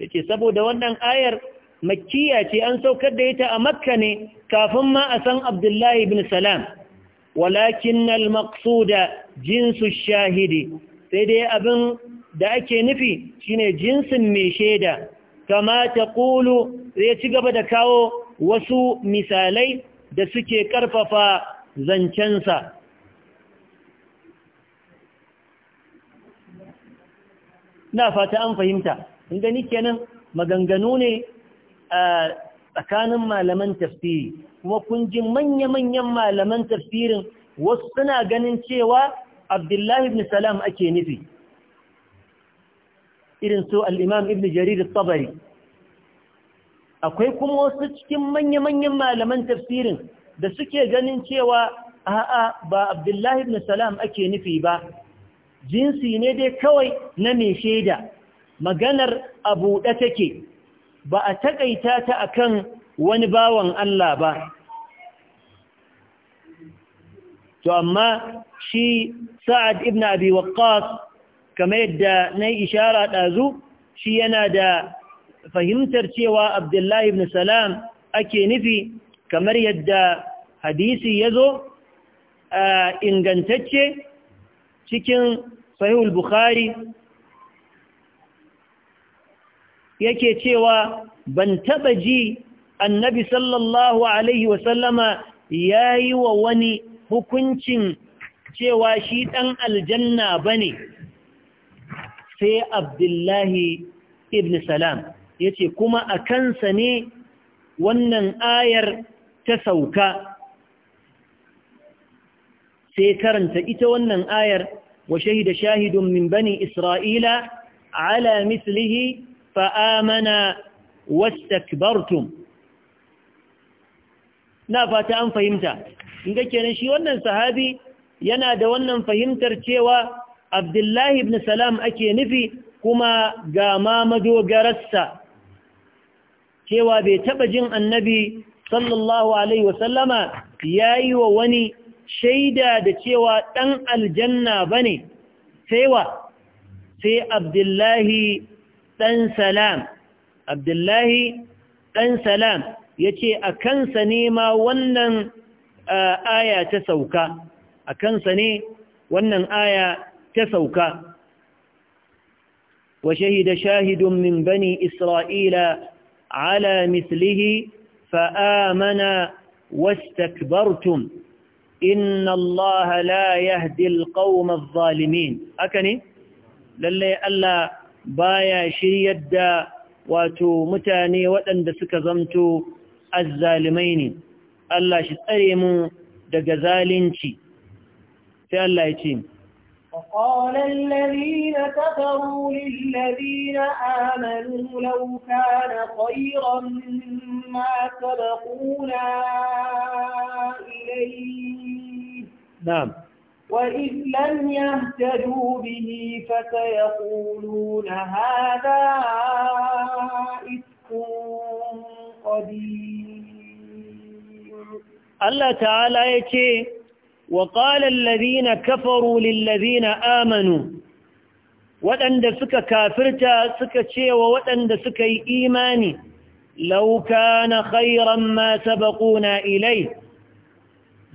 yace saboda wannan ayar makkiya ce an saukar da ita a makka ne kafin ma a san abdullahi ibn salam walakin al-maqsuda jinsu shahidi sai dai abin da ake nufi shine jinsin mai shaida kama ƙulu ya ci gaba da kawo wasu misalai da suke ƙarfafa zancensa na fata an fahimta inda kenan maganganu ne a tsakanin malaman tafsiri kuma kun ji manya-manyan malaman tafsirin wasu suna ganin cewa abdullahi ibn salam ake nufi irin su al'imam ibn jarir tabari akwai kuma wasu cikin manya-manyan malaman tafsirin da suke ganin cewa a'a ba abdullahi ibn salam ake nufi ba jinsi ne dai kawai na mai shaida maganar abu da take ba a taƙaita ta akan wani bawan Allah ba to amma shi sa'ad ibn abi waqqas kamar yadda na yi ishara ɗazu shi yana da fahimtar cewa abdullahi ibn salam ake nufi kamar yadda hadisi ya zo ingantacce cikin sahihul bukhari yake cewa ban taɓa ji annabi sallallahu alaihi wasallama ya yi wa wani hukuncin cewa shi ɗan aljanna ba ne sai abdullahi ibn salam ya ce kuma a kansa ne wannan ayar ta sauka sai karanta ita wannan ayar wa shahida shahidun min bani isra'ila ala mislihi fa'amana wastakbartum na fata an fahimta ga kenan shi wannan sahabi yana da wannan fahimtar cewa abdullahi ibn salam ake nufi kuma ga ma madogararsa cewa bai taɓa jin annabi sallallahu alaihi wasallama ya yi wa wani shaida da cewa ɗan aljanna ba ne wa? sai abdullahi ɗan salam abdullahi ɗan salam ya ce a kansa ne ma wannan eh, aya ta sauka a kansa ne wannan aya ta sauka wa shahida shahidun min bani isra'ila ala mislihi fa'amana wastakbartum inna Allah la yahdi alqawma adh-dhalimin haka ne lalle Allah baya shiryar da wato mutane waɗanda suka zamto azzalimai ne Allah shi tsare mu daga zalunci sai Allah ya ce وقال الذين كفروا للذين آمنوا لو كان خيرا ما سبقونا إليه نعم وإذ لم يهتدوا به فسيقولون هذا إفك قديم الله تعالى يتي وقال الذين كفروا للذين آمنوا waɗanda suka kafirta suka cewa waɗanda suka yi imani lauka na khairan ma sabaquna ilai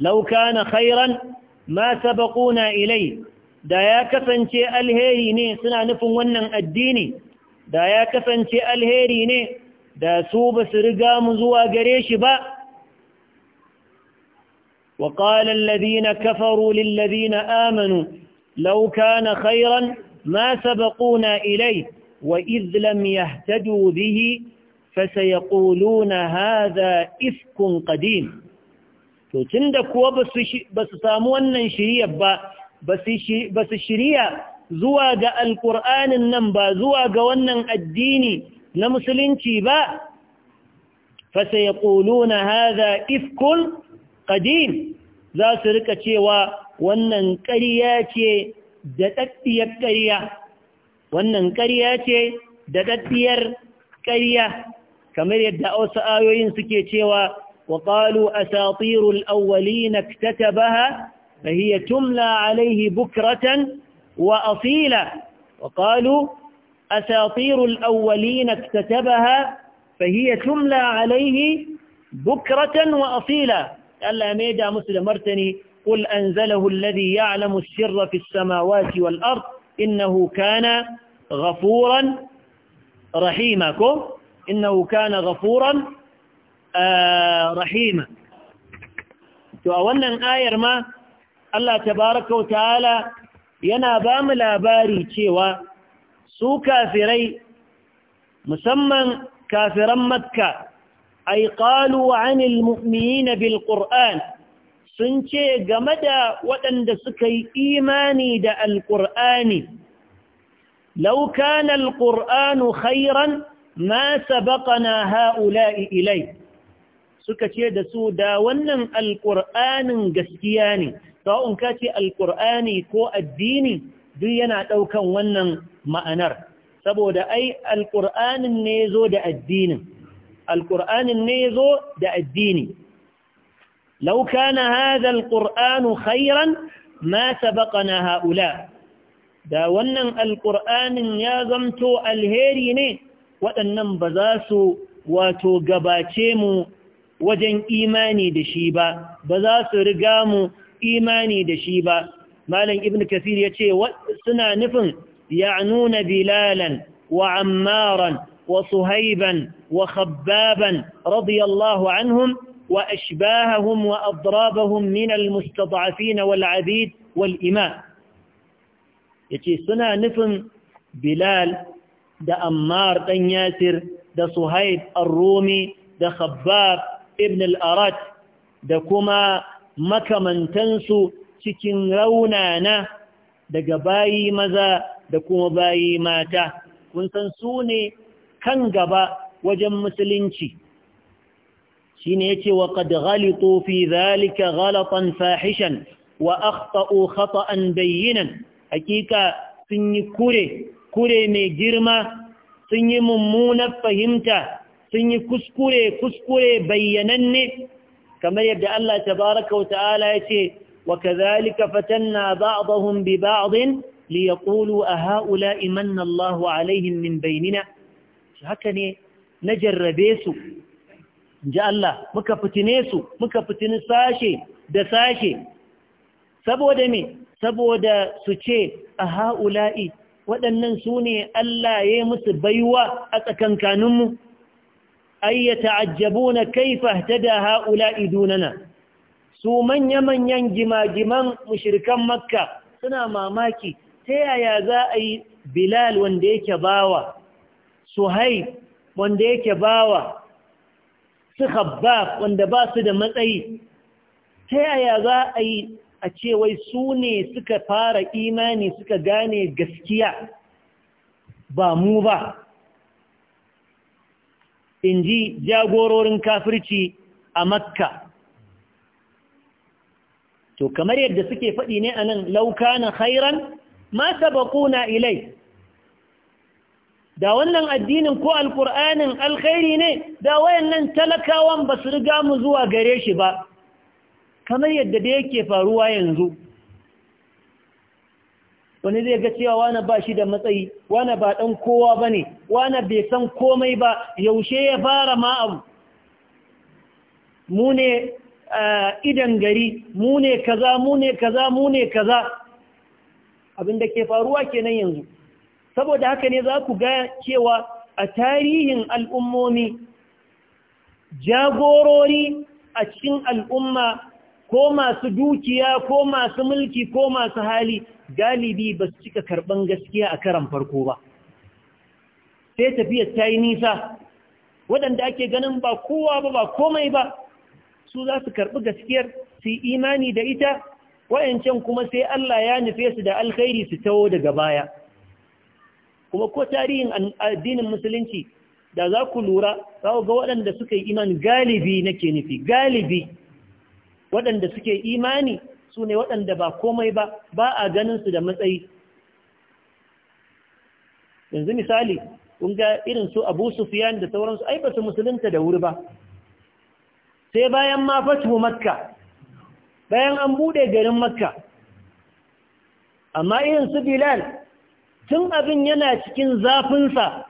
lauka na khairan ma sabaquna ilai da ya kasance alheri ne suna nufin wannan addini da ya kasance alheri ne da su ba su riga mu zuwa gare shi ba وقال الذين كفروا للذين آمنوا لو كان خيرا ما سبقونا إليه وإذ لم يهتدوا به فسيقولون هذا إفك قديم to tunda kuwa ba su samu wannan shiriyar ba su shiriya zuwa ga alkur'anin nan ba zuwa ga wannan addini na musulunci ba fasa na haza ifkun qadim za su rika cewa wannan ƙarya ce da daddiyar ƙarya wannan ƙarya ce da daddiyar ƙarya kamar yadda wasu ayoyin suke cewa wa qalu asatirul awwalin iktatabaha fa hiya tumla alayhi bukratan wa asila wa qalu asatirul awwalin iktatabaha فهي تملى عليه بكرة وأصيلا Allah mai da musu da martani ul anzalahu alladhi ya'lamu as-sirra fi samawati wal ard innahu kana ghafuran rahima ko innahu kana ghafuran ah, rahima to a wannan ayar ma Allah tabaraka wa ta'ala yana ba mu labari cewa su kafirai musamman kafiran makka ai qalu anil mu'minina bilƙur'an sun ce game da waɗanda suka yi imani da alqur'ani law kana alqur'anu khairan ma sabaqana ha'ula'i ilai suka ce da su da wannan alqur'anin gaskiya ne sa'un ka ce alqur'ani ko addini duk yana ɗaukan wannan ma'anar saboda ai alqur'anin ne zo da addinin alƙur'anin ne ya zo da addini lauka kana hadha alƙur'anu khairan ma na haula da wannan alƙur'anin ya zamto alheri ne waɗannan ba za su wato gabace mu wajen imani da shi ba ba za su riga mu imani da shi ba malam ibn kasir ya ce suna nufin ya nuna bilalan wa ammaran وصهيبا وخبابا رضي الله عنهم وأشباههم وأضرابهم من المستضعفين والعبيد والإماء يتي سنة نفن بلال دا أمار دا ياسر دا صهيب الرومي دا خباب ابن الأرات دا كما من تنسو تكن رونانا دا قبائي maza دا كما باي ماتا kun san kan gaba wajen musulunci shi ne ya ce wa ƙadghali tofi zalika ghalatan fahishan wa akhta'u khata'an bayyinan hakika sun yi kure kure mai girma sun yi mummunar fahimta sun yi kuskure kuskure bayyananne kamar yadda Allah tabaraka wa ta'ala ya ce wa kadhalika fatanna ba'dahum bi ba'd li yaqulu a ha'ula'i manna Allahu alaihim min bainina lokaci haka ne na jarrabe su ji Allah muka fitine su muka fitini sashe da sashe saboda me saboda su ce a ha'ula'i waɗannan su ne Allah ya yi musu baiwa a tsakankaninmu ai ya ta'ajjabu na kaifa ta da ha'ula'i dunana su manya-manyan gima-giman mashirkan makka suna mamaki ta yaya za a yi bilal wanda yake bawa suhaib wanda yake bawa su habba wanda ba su da matsayi ta yaya za a yi a ce wai su ne suka fara imani suka gane gaskiya ba mu ba in ji jagororin kafirci a makka to kamar yadda suke faɗi ne a nan lauka na hairan ma sabakuna ilai da wannan addinin ko alkur'anin alkhairi ne da wayannan talakawan ba su riga mu zuwa gare shi ba kamar yadda da yake faruwa yanzu wani zai ga cewa wani ba shi da matsayi wani ba dan kowa ba ne wani bai san komai ba yaushe ya fara ma abu mu ne idan gari mu ne kaza mu ne kaza mu ne kaza abinda ke faruwa kenan yanzu saboda haka ne za ku ga cewa a tarihin al'ummomi jagorori a cikin al'umma ko masu dukiya ko masu mulki ko masu hali galibi ba su cika karɓan gaskiya a karan farko ba sai tafiyar ta yi nisa waɗanda ake ganin ba kowa ba ba komai ba su za su karɓi gaskiyar su yi imani da ita wa'yancan kuma sai Allah ya nufe su da alkhairi su tawo daga baya kuma ko tarihin addinin musulunci da za ku lura za ga waɗanda suka yi imani galibi ke nufi galibi waɗanda suke imani su ne waɗanda ba komai ba ba a ganinsu da matsayi yanzu misali kun ga irin su abu sufiyan da sauransu ai ba su musulunta da wuri ba sai bayan ma makka bayan an buɗe garin makka amma irin su bilal tun abin yana cikin zafinsa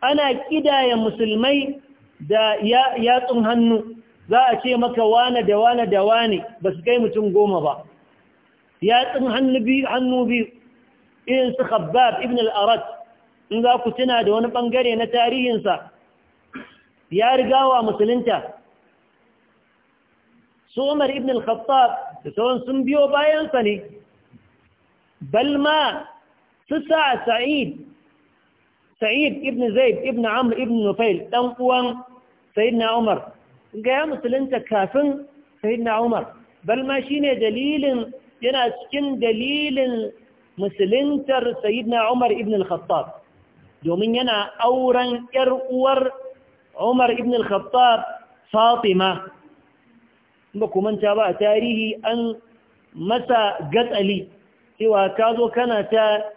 ana kidaya musulmai da yatsun hannu za a ce maka wane da wane da wane ba su kai mutum goma ba yatsun hannu biyu irin su khabbab ibn al'arat in za ku tuna da wani ɓangare na tarihinsa ya rigawa musulunta su umar ibn al-khattab da sauran sun biyo bayansa ne balma su sa sa'id sa'id ibn zaid ibn amr ibn nufail dan uwan sayyidina umar ga ya musulunta kafin sayyidina umar balma shine dalilin yana cikin dalilin musuluntar sayyidina umar ibn al-khattab domin yana auren yar uwar umar ibn al-khattab fatima ba kuma ta ba tarihi an masa gatsali cewa ka zo kana ta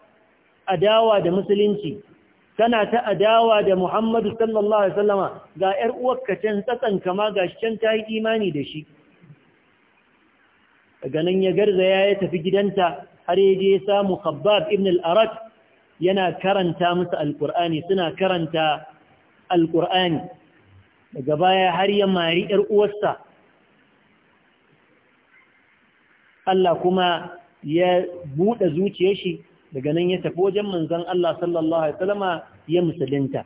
adawa da musulunci kana ta adawa da Muhammadu sallallahu Alaihi sallama? ga ‘yar uwarka can tsatsan kama ga shi can ta yi imani da shi. Daga nan ya garzaya ya tafi gidanta har ya je samu Khabbab ibn al-Arat yana karanta musu Alƙur'ani suna karanta Alƙur'ani. Daga baya har ya mari ‘yar uwarsa. Allah kuma ya buɗe zuciyar shi daga nan ya tafi wajen manzon Allah sallallahu alaihi ya musulunta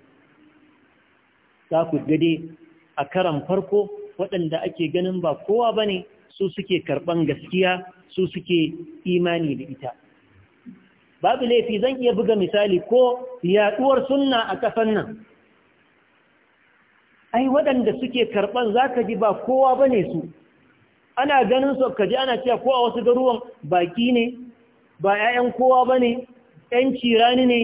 za ku gade a karan farko waɗanda ake ganin ba kowa bane su suke karɓan gaskiya su suke imani da ita babu laifi zan iya buga misali ko yaɗuwar sunna a ƙasan nan ai waɗanda suke karɓan za ka ji ba kowa ba ne su ana ganin su kaji ana cewa ko a wasu garuwan baki ne ba 'ya'yan kowa bane ƴan cirani ne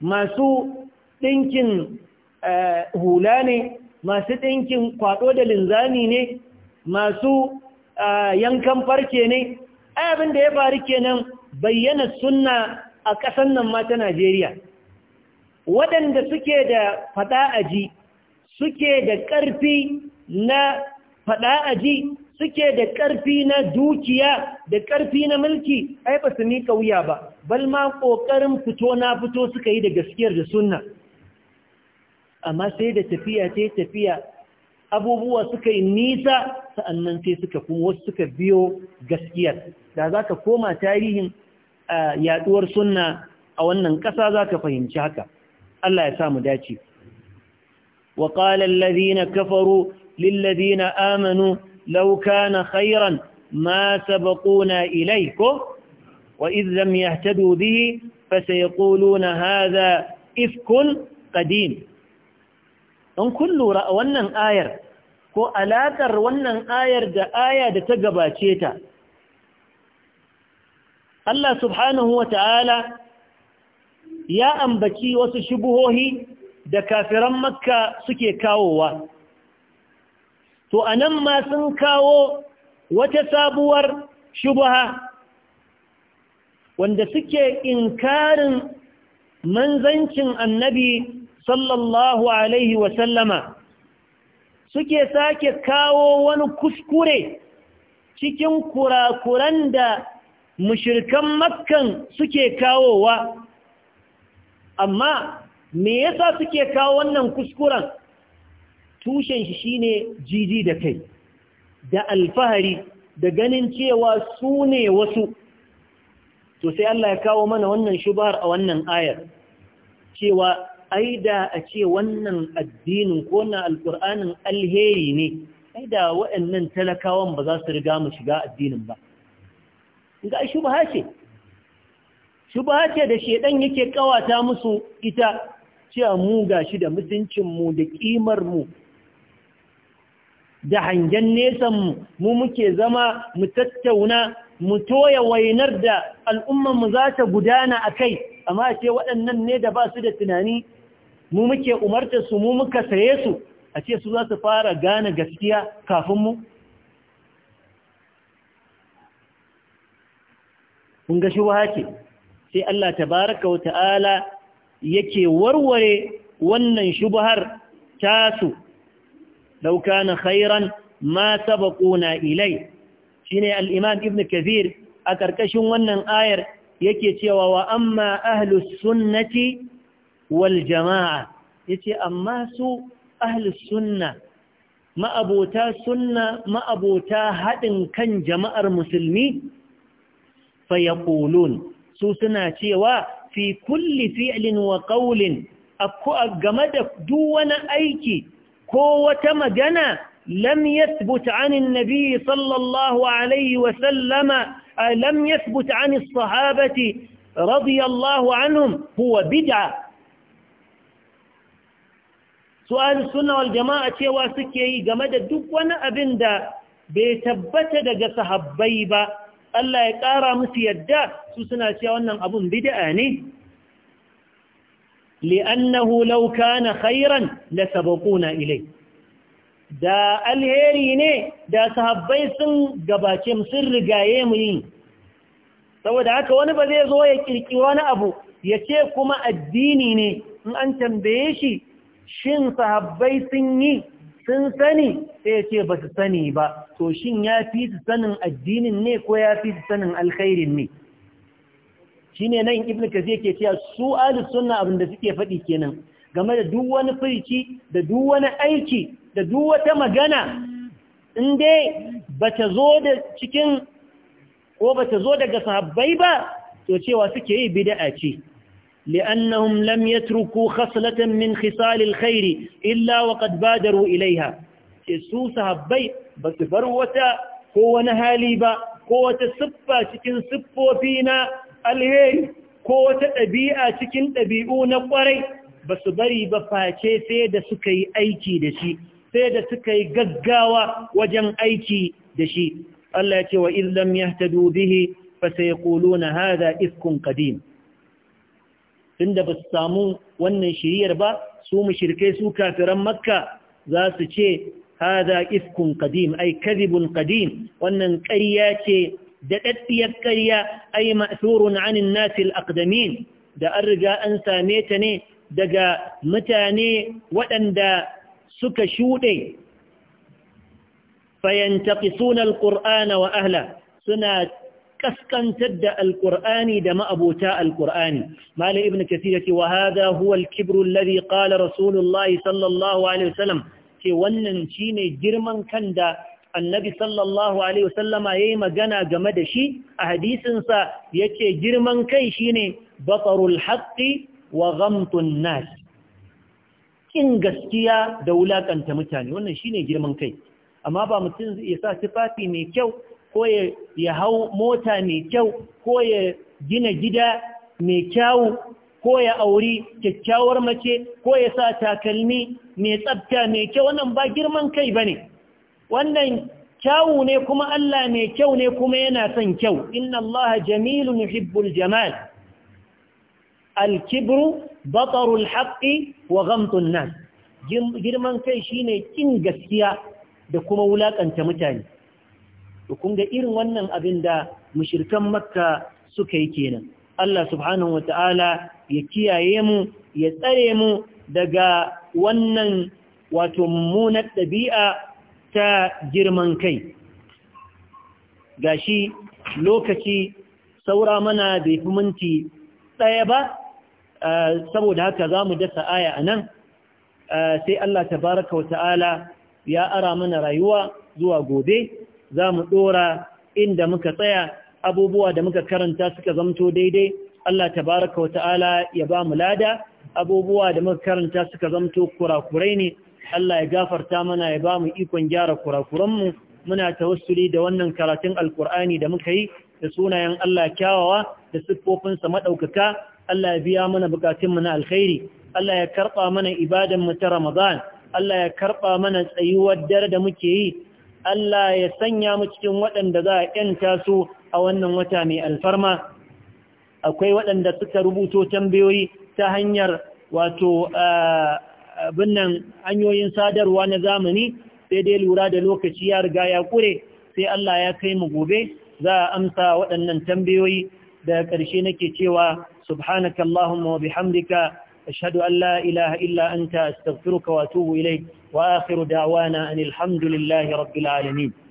masu ɗinkin eh, hula ne masu ɗinkin kwaɗo da linzami ne masu eh, yankan farke ne abin da ya faru kenan bayyana sunna a ƙasan nan ma ta Najeriya waɗanda suke da faɗa aji suke da ƙarfi na faɗa aji suke da ƙarfi na dukiya da ƙarfi na mulki ai ba su miƙa wuya ba bal ma ƙoƙarin fito na fito suka yi da gaskiyar da sunna amma sai da tafiya sai tafiya abubuwa suka yi nisa sa'annan sai suka kuma wasu suka biyo gaskiyar da za ka koma tarihin yaduwar sunna a wannan ƙasa za ka fahimci haka Allah ya samu dace وقال الذين كفروا للذين آمنوا لو كان خيرا ما سبقونا إليه وإذ لم يهتدوا به فسيقولون هذا إفك قديم إن كل رأونا آير ko alaƙar wannan ayar da aya da ta gabace ta Allah subhanahu wa ta'ala ya ambaci wasu shubuhohi da kafiran makka suke kawowa to anan nan ma sun kawo wata sabuwar shubaha wanda suke inkarin manzancin annabi sallallahu alaihi wasallama suke sake kawo wani kuskure cikin kurakuran da mushirkan makkan suke kawowa amma me yasa suke kawo wannan kuskuren tushen shi shine jiji da kai da alfahari da ganin cewa su ne wasu to sai Allah ya kawo mana wannan shubhar a wannan ayar cewa da a ce wannan addinin ko na alkur'anin alheri ne aida waɗannan talakawan ba za su riga mu shiga addinin ba ga shubha ce shubha ce da shedan yake kawata musu ita cewa mu gashi da mutuncin mu da kimar mu da hangen nesan mu muke zama mu tattauna mu toya wainar da al'ummanmu za ta gudana akai amma ce waɗannan ne da ba su da tunani mu muke umarta su mu muka saye su a ce su za su fara gane gaskiya kafin mu kun ga shubha ce sai Allah tabaraka wa ta'ala yake warware wannan shubhar tasu لو كان خيرا ما سبقونا إليه شيني الإمام ابن كثير أكركش ونن آير yake cewa wa amma ahlus sunnati wal jama'a yace amma su ahlus sunna ma'abota sunna hadin kan jama'ar musulmi fa su suna cewa fi kulli fi'lin wa ƙaulin. akko game da duk wani aiki ko wata magana lam yathbut an annabi sallallahu alaihi wa sallama lam yathbut an as-sahabati radiyallahu anhum huwa bid'a su'al sunna wal jama'a cewa suke yi game da duk wani abin da bai tabbata daga sahabbai ba Allah ya ƙara musu yadda su suna cewa wannan abun bid'a ne li'annahu law kana khairan la sabaquna ilai da alheri ne da sahabbai sun gabace mu sun rigaye mu yi saboda haka wani ba zai zo ya kirki wani abu ya ce kuma addini ne in an tambaye shi shin sahabbai sun yi sun sani sai ya ce ba su sani ba to shin ya fi su sanin addinin ne ko ya fi su sanin alkhairin ne shine nan ibnu kazi yake cewa su ahlus sunna abin da suke faɗi kenan game da duk wani firki, da duk wani aiki da duk wata magana in dai bata zo da cikin ko bata zo daga sahabbai ba to cewa suke yi bid'a ce لأنهم لم يتركوا خصلة من خصال الخير إلا وقد بادروا إليها su sahabbai ba bar wata ko wani hali ba ko wata siffa cikin siffofi na alheri ko wata ɗabi'a cikin ɗabi'u na ƙwarai ba su bari ba face sai da suka yi aiki da shi sai da suka yi gaggawa wajen aiki da shi Allah ya ce wa ba sai ya fa sayquluna haza, ifkun qadim tunda ba su samu wannan shiriyar ba su shirke su kafiran makka za su ce haza, ifkun qadim ai kadibun qadim wannan ƙarya ce daɗaɗɗiyar ƙarya ai ma'thurun anin nasil aqdamin da an riga an same ta ne daga mutane waɗanda suka shuɗe fayantaqisun ƙur'ana wa ahla suna kaskantar da alƙur'ani da ma'abota alkur'ani. malam ibnu kathir yace wa hadha huwa alkibr alladhi sallallahu alaihi wasallam ce wannan shine girman kan da annabi sallallahu alaihi wasallama yayi magana game da shi a hadisin sa yace girman kai shine batarul haqqi wa ghamtun nas kin gaskiya da wulakanta mutane wannan shine girman kai amma ba mutum ya sa tufafi mai kyau ko ya hau mota mai kyau ko ya gina gida mai kyau ko ya auri kyakkyawar mace ko ya sa takalmi mai tsabta mai kyau wannan ba girman kai bane wannan kyawu ne kuma Allah mai kyau ne kuma yana son kyau inna Allah jamilun yuhibbul jamal Alkibru kibru batarul haqqi wa ghamtun nas girman kai shine kin gaskiya da kuma wulakanta mutane to kun ga irin wannan abin da mushrikan makka suka yi kenan Allah subhanahu wata'ala ya kiyaye mu ya tsare mu daga wannan wato mummunar ɗabi'a ta girman kai gashi lokaci saura mana bai fi minti ɗaya ba saboda haka za mu dasa aya a nan sai Allah baraka wa ta'ala ya ara mana rayuwa zuwa gobe za mu ɗora inda muka tsaya abubuwa da muka karanta suka zamto daidai Allah baraka wa ta'ala ya ba mu lada abubuwa da muka karanta suka zamto kurakurai ne Allah ya gafarta mana ya ba mu ikon gyara kurakuranmu muna tawassuli da wannan karatun alkur'ani da muka yi da sunayen Allah kyawawa da siffofinsa maɗaukaka Allah ya biya mana bukatunmu na alkhairi Allah ya karɓa mana ibadanmu ta Ramadan Allah ya karɓa mana tsayuwar dare da muke yi Allah ya sanya mu cikin waɗanda za a ‘yanta su a wannan wata mai alfarma akwai waɗanda suka rubuto tambayoyi ta hanyar wato ah, abin nan hanyoyin sadarwa na zamani sai dai lura da lokaci ya riga ya kure sai Allah ya kai mu gobe za a amsa waɗannan tambayoyi da ƙarshe nake cewa subhanaka Allahumma wa bihamdika ashhadu an la ilaha illa anta astaghfiruka wa atubu ilayk wa akhiru da'wana anil hamdulillahi rabbil alamin